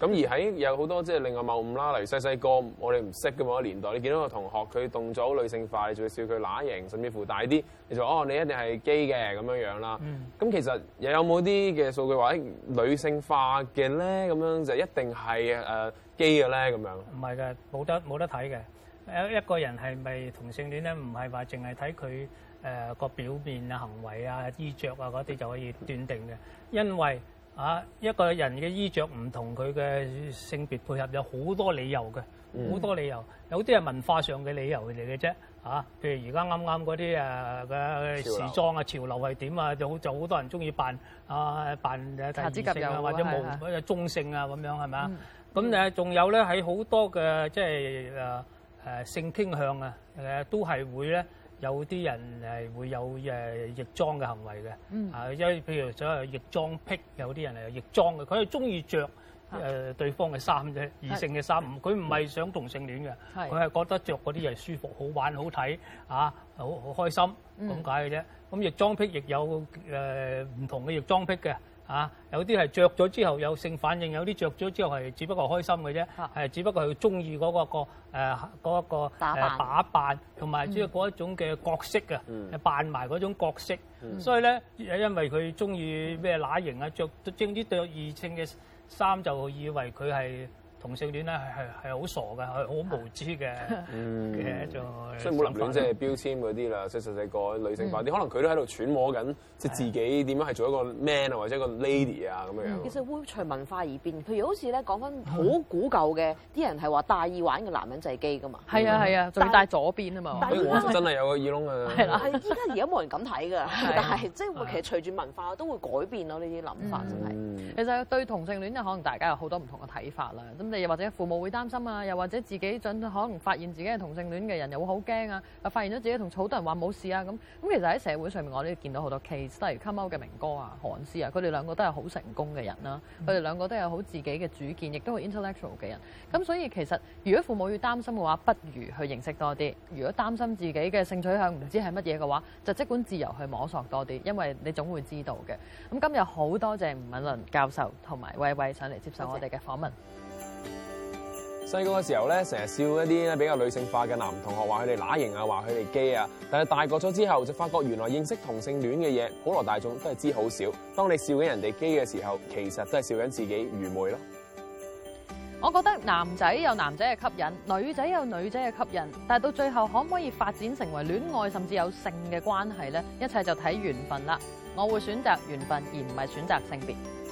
咁而喺有好多即係另外謬誤啦，例如細細個我哋唔識嘅某、 那個年代，你見到個同學佢動作女性化，你就會笑佢乸型，甚至乎大啲，你就哦你一定係基嘅咁樣樣啦。咁、嗯、其實又有冇啲嘅數據話女性化嘅咧，咁樣就一定係誒？機嘅咧，咁樣唔係嘅，冇得冇得睇嘅。一一個人係咪同性戀咧？唔係話淨係睇佢誒個表面啊、行為啊、衣着啊嗰啲就可以斷定嘅。因為啊，一個人嘅衣着唔同佢嘅性別配合有好多理由嘅，好多理由。有啲係文化上嘅理由嚟嘅啫。啊，譬如而家啱啱嗰啲誒嘅時裝啊、裝潮流係點啊，就好就好多人中意扮啊扮誒第二性啊，性或者冇、啊啊、中性啊咁樣係咪啊？ 咁誒，仲有咧喺好多嘅，即係誒誒性傾向、呃嗯、啊，誒都係會咧有啲人係會有誒易裝嘅行為嘅，啊，因為譬如咗係易裝癖，有啲人係易裝嘅，佢中意着誒、呃、對方嘅衫啫，異性嘅衫，佢唔係想同性戀嘅，佢係、嗯、覺得着嗰啲嘢舒服、好玩、好睇，啊，好好開心咁解嘅啫。咁易裝癖亦有誒唔、呃、同嘅易裝癖嘅。嚇、啊，有啲係着咗之後有性反應，有啲着咗之後係只不過開心嘅啫，係、啊、只不過係中意嗰個、呃嗰個誒打扮，同埋即係嗰一種嘅角色啊，誒、嗯、扮埋嗰種角色，嗯、所以咧因為佢中意咩乸型啊，著正啲對異性嘅衫就以為佢係。同性戀咧係係係好傻嘅，係好無知嘅嘅，就、啊嗯、所以冇諗緊即係標籤嗰啲啦，即係細細個女性化啲，嗯、可能佢都喺度揣摩緊即係自己點樣係做一個 man 啊或者一個 lady 啊咁樣。其實會隨文化而變，譬如好似咧講返好古舊嘅，啲人係話戴耳環嘅男人就係 gay 噶嘛。係啊係啊，戴、啊、左邊啊嘛，但真係有個耳窿嘅。係啦、嗯，依家而家冇人敢睇㗎，啊、但係即係其實隨住文化都會改變咯呢啲諗法真係。嗯嗯、其實對同性戀又可能大家有好多唔同嘅睇法啦。又或者父母會擔心啊，又或者自己準可能發現自己係同性戀嘅人又、啊，又會好驚啊。發現咗自己同好多人話冇事啊，咁咁其實喺社會上面，我哋都見到好多 case，例，例如 come out 嘅明哥啊、韓師啊，佢哋兩個都係好成功嘅人啦、啊。佢哋兩個都有好自己嘅主見，亦都好 intellectual 嘅人。咁所以其實如果父母要擔心嘅話，不如去認識多啲。如果擔心自己嘅性取向唔知係乜嘢嘅話，就即管自由去摸索多啲，因為你總會知道嘅。咁今日好多謝吳敏倫教授同埋威威上嚟接受我哋嘅訪問。謝謝。細個嘅時候咧，成日笑一啲咧，比較女性化嘅男同學，話佢哋乸型啊，話佢哋基啊。但係大個咗之後，就發覺原來認識同性戀嘅嘢，普羅大眾都係知好少。當你笑緊人哋基嘅時候，其實都係笑緊自己愚昧咯。我覺得男仔有男仔嘅吸引，女仔有女仔嘅吸引，但係到最後可唔可以發展成為戀愛，甚至有性嘅關係咧？一切就睇緣分啦。我會選擇緣分，而唔係選擇性別。